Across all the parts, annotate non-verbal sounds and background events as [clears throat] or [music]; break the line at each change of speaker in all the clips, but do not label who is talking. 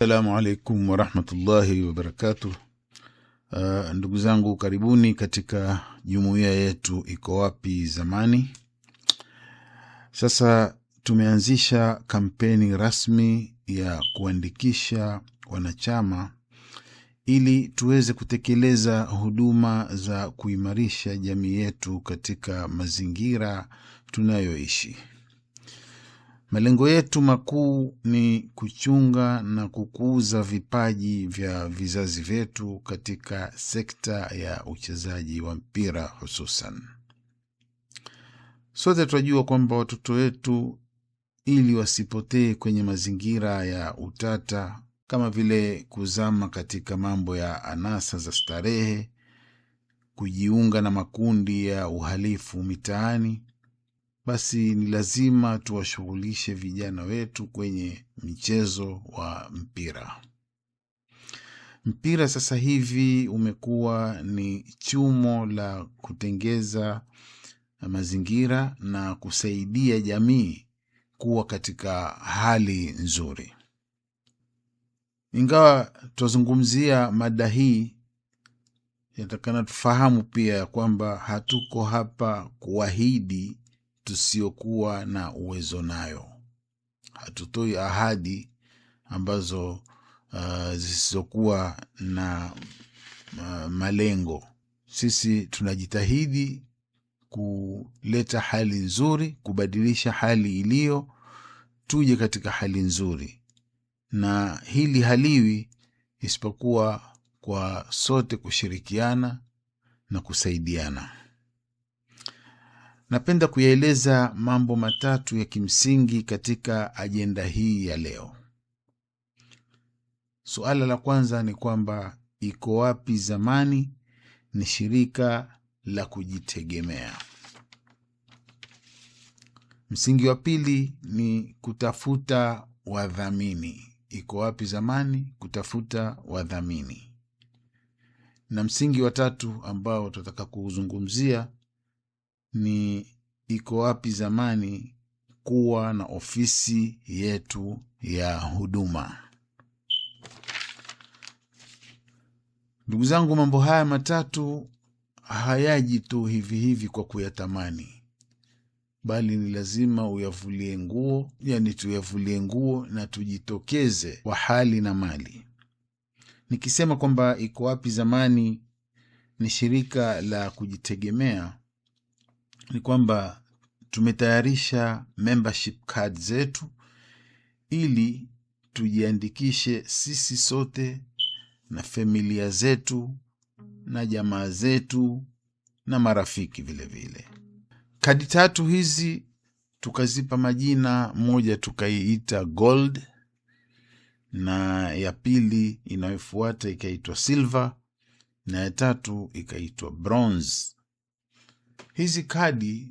Assalamu alaikum warahmatullahi wabarakatuh. Uh, ndugu zangu, karibuni katika jumuiya yetu Iko Wapi Zamani. Sasa tumeanzisha kampeni rasmi ya kuandikisha wanachama ili tuweze kutekeleza huduma za kuimarisha jamii yetu katika mazingira tunayoishi. Malengo yetu makuu ni kuchunga na kukuza vipaji vya vizazi vyetu katika sekta ya uchezaji wa mpira hususan. Sote tunajua kwamba watoto wetu ili wasipotee kwenye mazingira ya utata kama vile kuzama katika mambo ya anasa za starehe, kujiunga na makundi ya uhalifu mitaani basi ni lazima tuwashughulishe vijana wetu kwenye mchezo wa mpira. Mpira sasa hivi umekuwa ni chumo la kutengeza mazingira na kusaidia jamii kuwa katika hali nzuri. Ingawa twazungumzia mada hii, yatakana tufahamu pia kwamba hatuko hapa kuahidi tusiokuwa na uwezo nayo. Hatutoi ahadi ambazo uh, zisizokuwa na uh, malengo. Sisi tunajitahidi kuleta hali nzuri, kubadilisha hali iliyo, tuje katika hali nzuri, na hili haliwi isipokuwa kwa sote kushirikiana na kusaidiana napenda kuyaeleza mambo matatu ya kimsingi katika ajenda hii ya leo. Suala la kwanza ni kwamba Iko Wapi Zamani ni shirika la kujitegemea. Msingi wa pili ni kutafuta wadhamini. Iko Wapi Zamani, kutafuta wadhamini, na msingi wa tatu ambao tunataka kuuzungumzia ni iko wapi zamani kuwa na ofisi yetu ya huduma. Ndugu zangu, mambo haya matatu hayaji tu hivi hivi kwa kuyatamani, bali ni lazima uyavulie nguo, yani tuyavulie nguo na tujitokeze kwa hali na mali. Nikisema kwamba iko wapi zamani ni shirika la kujitegemea ni kwamba tumetayarisha membership card zetu ili tujiandikishe sisi sote na familia zetu na jamaa zetu na marafiki vilevile vile. Kadi tatu hizi tukazipa majina, moja tukaiita gold na ya pili inayofuata ikaitwa silver na ya tatu ikaitwa bronze hizi kadi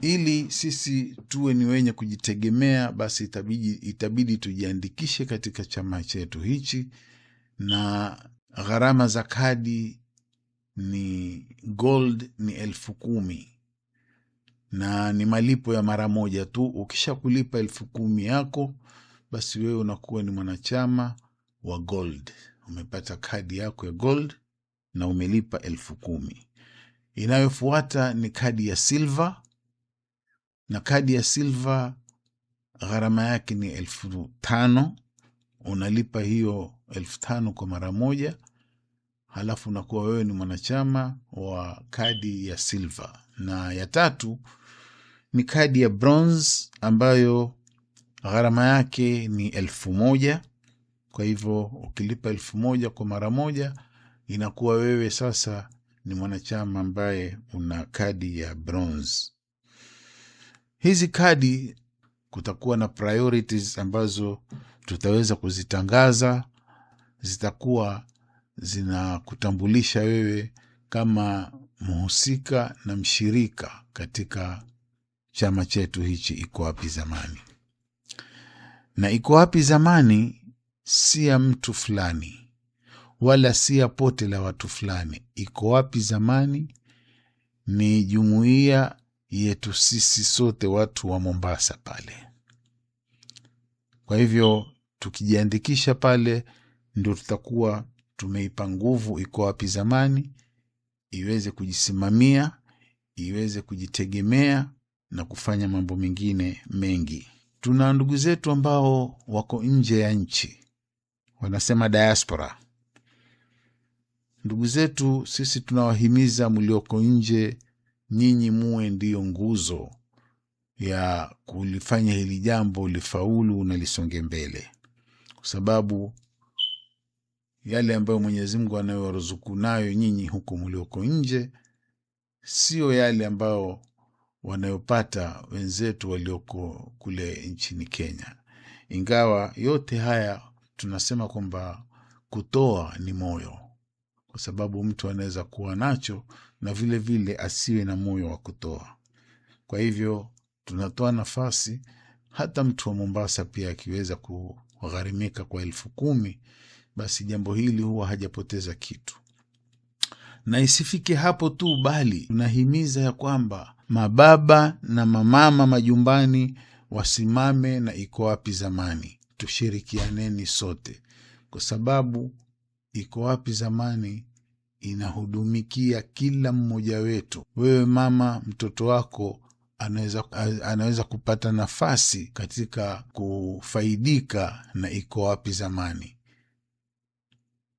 ili sisi tuwe ni wenye kujitegemea, basi itabidi, itabidi tujiandikishe katika chama chetu hichi, na gharama za kadi ni gold ni elfu kumi na ni malipo ya mara moja tu. Ukisha kulipa elfu kumi yako, basi wewe unakuwa ni mwanachama wa gold, umepata kadi yako ya gold na umelipa elfu kumi. Inayofuata ni kadi ya silver, na kadi ya silver gharama yake ni elfu tano. Unalipa hiyo elfu tano kwa mara moja, halafu unakuwa wewe ni mwanachama wa kadi ya silver. Na ya tatu ni kadi ya bronze ambayo gharama yake ni elfu moja. Kwa hivyo ukilipa elfu moja kwa mara moja, inakuwa wewe sasa ni mwanachama ambaye una kadi ya bronze. Hizi kadi kutakuwa na priorities ambazo tutaweza kuzitangaza, zitakuwa zinakutambulisha wewe kama mhusika na mshirika katika chama chetu hichi Iko Wapi Zamani. Na Iko Wapi Zamani si ya mtu fulani, wala si pote la watu fulani. Iko wapi zamani? Ni jumuiya yetu sisi sote watu wa Mombasa pale. Kwa hivyo tukijiandikisha pale ndio tutakuwa tumeipa nguvu Iko Wapi Zamani iweze kujisimamia, iweze kujitegemea na kufanya mambo mengine mengi. Tuna ndugu zetu ambao wako nje ya nchi, wanasema diaspora. Ndugu zetu sisi tunawahimiza mlioko nje, nyinyi muwe ndiyo nguzo ya kulifanya hili jambo lifaulu na lisonge mbele, kwa sababu yale ambayo Mwenyezi Mungu anayowaruzuku nayo nyinyi huko mlioko nje siyo yale ambayo wanayopata wenzetu walioko kule nchini Kenya. Ingawa yote haya tunasema kwamba kutoa ni moyo kwa sababu mtu anaweza kuwa nacho na vile vile asiwe na moyo wa kutoa. Kwa hivyo tunatoa nafasi hata mtu wa Mombasa pia akiweza kugharimika kwa elfu kumi basi jambo hili huwa hajapoteza kitu. Na isifike hapo tu, bali tunahimiza ya kwamba mababa na mamama majumbani wasimame na iko wapi zamani, tushirikianeni sote, kwa sababu iko wapi zamani inahudumikia kila mmoja wetu. Wewe mama, mtoto wako anaweza, anaweza kupata nafasi katika kufaidika na iko wapi zamani.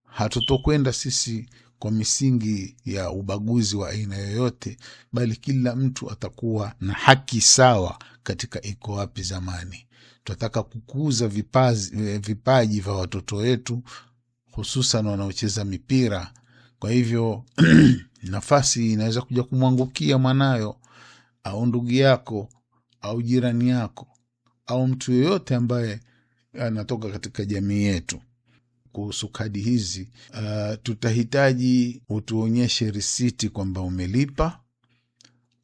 Hatutokwenda sisi kwa misingi ya ubaguzi wa aina yoyote, bali kila mtu atakuwa na haki sawa katika iko wapi zamani. Tunataka kukuza vipaji vya watoto wetu hususan wanaocheza mipira. Kwa hivyo [clears throat] nafasi inaweza kuja kumwangukia mwanayo au ndugu yako au jirani yako au mtu yoyote ambaye anatoka katika jamii yetu. Kuhusu kadi hizi uh, tutahitaji utuonyeshe risiti kwamba umelipa,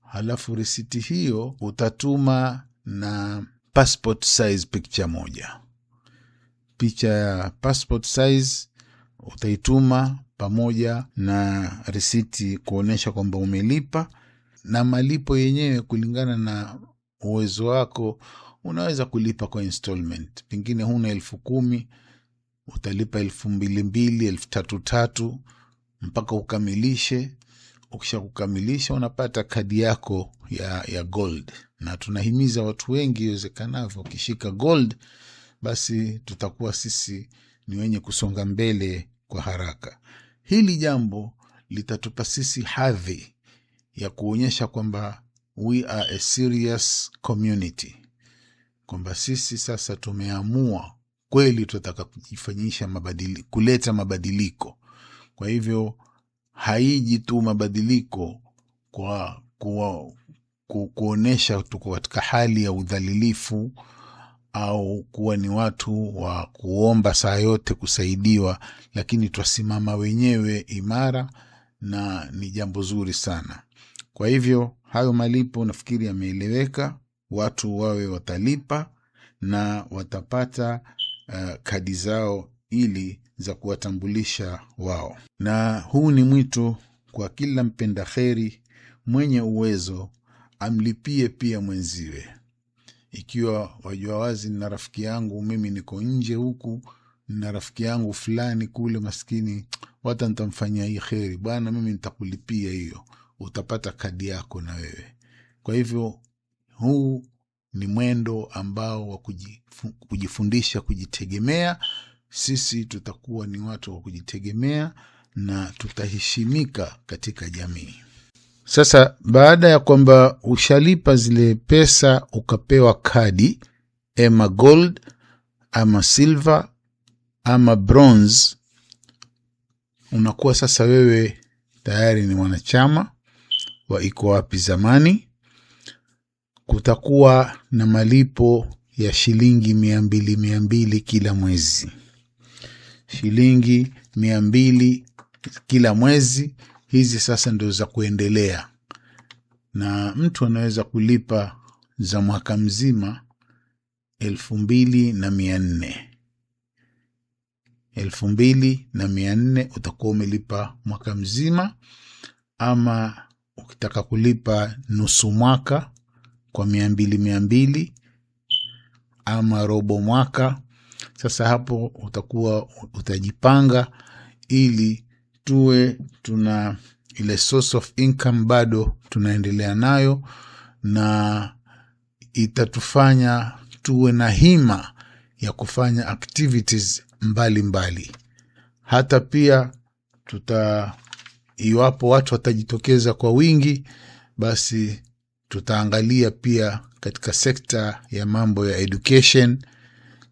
halafu risiti hiyo utatuma na passport size picha moja, picha ya passport size utaituma pamoja na risiti kuonyesha kwamba umelipa, na malipo yenyewe kulingana na uwezo wako unaweza kulipa kwa installment. Pengine huna elfu kumi utalipa elfu mbili mbili elfu tatu tatu mpaka ukamilishe. Ukisha kukamilisha unapata kadi yako ya, ya gold, na tunahimiza watu wengi iwezekanavyo, ukishika gold basi tutakuwa sisi ni wenye kusonga mbele kwa haraka. Hili jambo litatupa sisi hadhi ya kuonyesha kwamba we are a serious community, kwamba sisi sasa tumeamua kweli tunataka kujifanyisha mabadili, kuleta mabadiliko. Kwa hivyo haiji tu mabadiliko kwa kuwa kuonyesha tuko katika hali ya udhalilifu au kuwa ni watu wa kuomba saa yote kusaidiwa, lakini twasimama wenyewe imara, na ni jambo zuri sana. Kwa hivyo hayo malipo nafikiri yameeleweka. Watu wawe watalipa na watapata uh, kadi zao ili za kuwatambulisha wao, na huu ni mwito kwa kila mpenda kheri mwenye uwezo amlipie pia mwenziwe ikiwa wajua wazi na rafiki yangu mimi niko nje huku na rafiki yangu fulani kule maskini, wata ntamfanyia hii kheri bwana, mimi nitakulipia hiyo, utapata kadi yako na wewe. Kwa hivyo huu ni mwendo ambao wa kujifundisha kujitegemea. Sisi tutakuwa ni watu wa kujitegemea na tutaheshimika katika jamii. Sasa baada ya kwamba ushalipa zile pesa ukapewa kadi ama gold ama silver ama bronze, unakuwa sasa wewe tayari ni mwanachama wa Iko Wapi Zamani. Kutakuwa na malipo ya shilingi mia mbili mia mbili kila mwezi, shilingi mia mbili kila mwezi hizi sasa ndo za kuendelea, na mtu anaweza kulipa za mwaka mzima elfu mbili na mia nne elfu mbili na mia nne utakuwa umelipa mwaka mzima, ama ukitaka kulipa nusu mwaka kwa mia mbili mia mbili ama robo mwaka. Sasa hapo utakuwa utajipanga ili tuwe tuna ile source of income bado tunaendelea nayo, na itatufanya tuwe na hima ya kufanya activities mbalimbali mbali. Hata pia tuta, iwapo watu watajitokeza kwa wingi, basi tutaangalia pia katika sekta ya mambo ya education,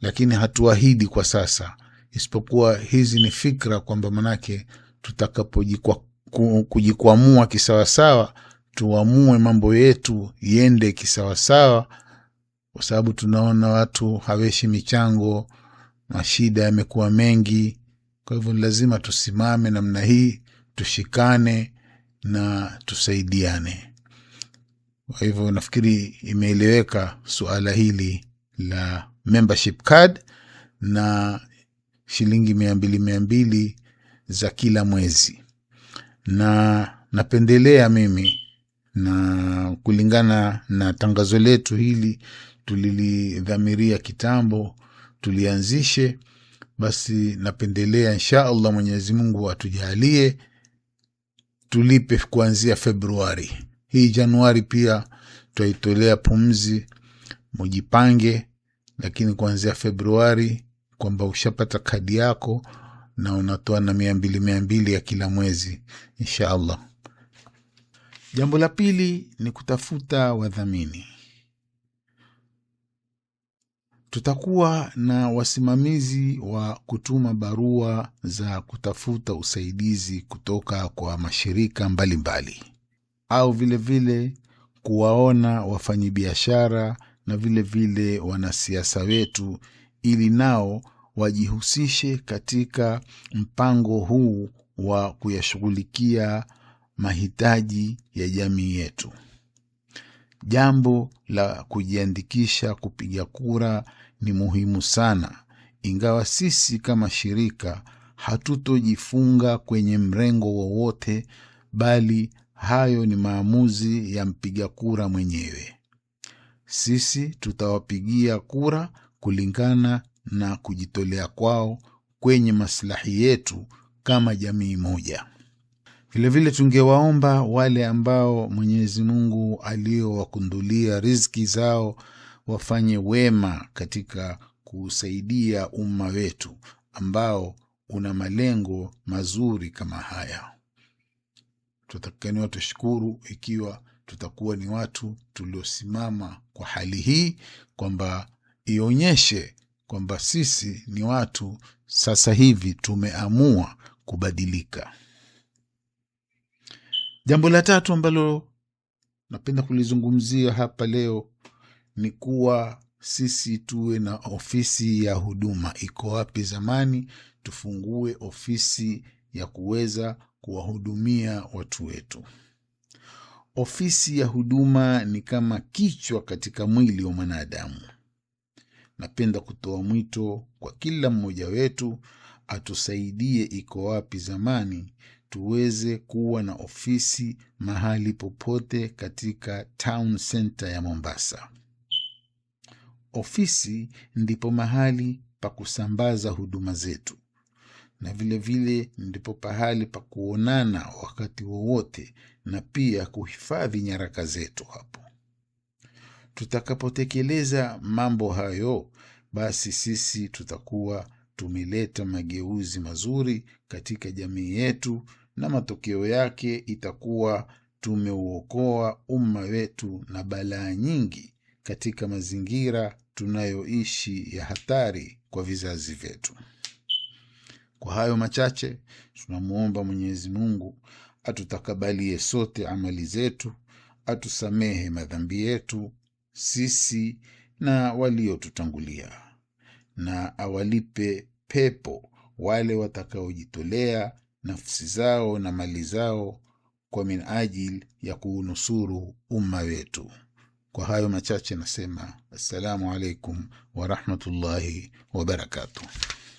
lakini hatuahidi kwa sasa, isipokuwa hizi ni fikra kwamba manake tutakapojikwamua kisawasawa, tuamue mambo yetu iende kisawasawa, kwa sababu tunaona watu haweshi michango, mashida yamekuwa mengi. Kwa hivyo ni lazima tusimame namna hii, tushikane na tusaidiane. Kwa hivyo nafikiri imeeleweka suala hili la membership card na shilingi mia mbili mia mbili za kila mwezi, na napendelea mimi na kulingana na tangazo letu hili tulilidhamiria kitambo tulianzishe, basi napendelea insha allah Mwenyezi Mungu atujalie tulipe kuanzia Februari hii. Januari pia twaitolea pumzi, mujipange, lakini kuanzia Februari kwamba ushapata kadi yako na unatoa na mia mbili mia mbili ya kila mwezi insha Allah. Jambo la pili ni kutafuta wadhamini. Tutakuwa na wasimamizi wa kutuma barua za kutafuta usaidizi kutoka kwa mashirika mbalimbali mbali, au vile vile kuwaona wafanyibiashara na vile vile wanasiasa wetu ili nao wajihusishe katika mpango huu wa kuyashughulikia mahitaji ya jamii yetu. Jambo la kujiandikisha kupiga kura ni muhimu sana, ingawa sisi kama shirika hatutojifunga kwenye mrengo wowote, bali hayo ni maamuzi ya mpiga kura mwenyewe. Sisi tutawapigia kura kulingana na kujitolea kwao kwenye maslahi yetu kama jamii moja. Vilevile tungewaomba wale ambao Mwenyezi Mungu aliowakundulia riziki zao wafanye wema katika kusaidia umma wetu ambao una malengo mazuri kama haya. Tutatakikaniwa tushukuru ikiwa tutakuwa ni watu tuliosimama kwa hali hii, kwamba ionyeshe kwamba sisi ni watu sasa hivi tumeamua kubadilika. Jambo la tatu ambalo napenda kulizungumzia hapa leo ni kuwa sisi tuwe na ofisi ya huduma. Iko wapi zamani? Tufungue ofisi ya kuweza kuwahudumia watu wetu. Ofisi ya huduma ni kama kichwa katika mwili wa mwanadamu napenda kutoa mwito kwa kila mmoja wetu atusaidie Iko Wapi Zamani tuweze kuwa na ofisi mahali popote katika town center ya Mombasa. Ofisi ndipo mahali pa kusambaza huduma zetu na vile vile ndipo pahali pa kuonana wakati wowote na pia kuhifadhi nyaraka zetu hapo. Tutakapotekeleza mambo hayo, basi sisi tutakuwa tumeleta mageuzi mazuri katika jamii yetu, na matokeo yake itakuwa tumeuokoa umma wetu na balaa nyingi katika mazingira tunayoishi ya hatari kwa vizazi vyetu. Kwa hayo machache, tunamwomba Mwenyezi Mungu atutakabalie sote amali zetu, atusamehe madhambi yetu sisi na waliotutangulia, na awalipe pepo wale watakaojitolea nafsi zao na mali zao kwa minajili ya kuunusuru umma wetu. Kwa hayo machache nasema assalamu alaikum warahmatullahi wabarakatuh.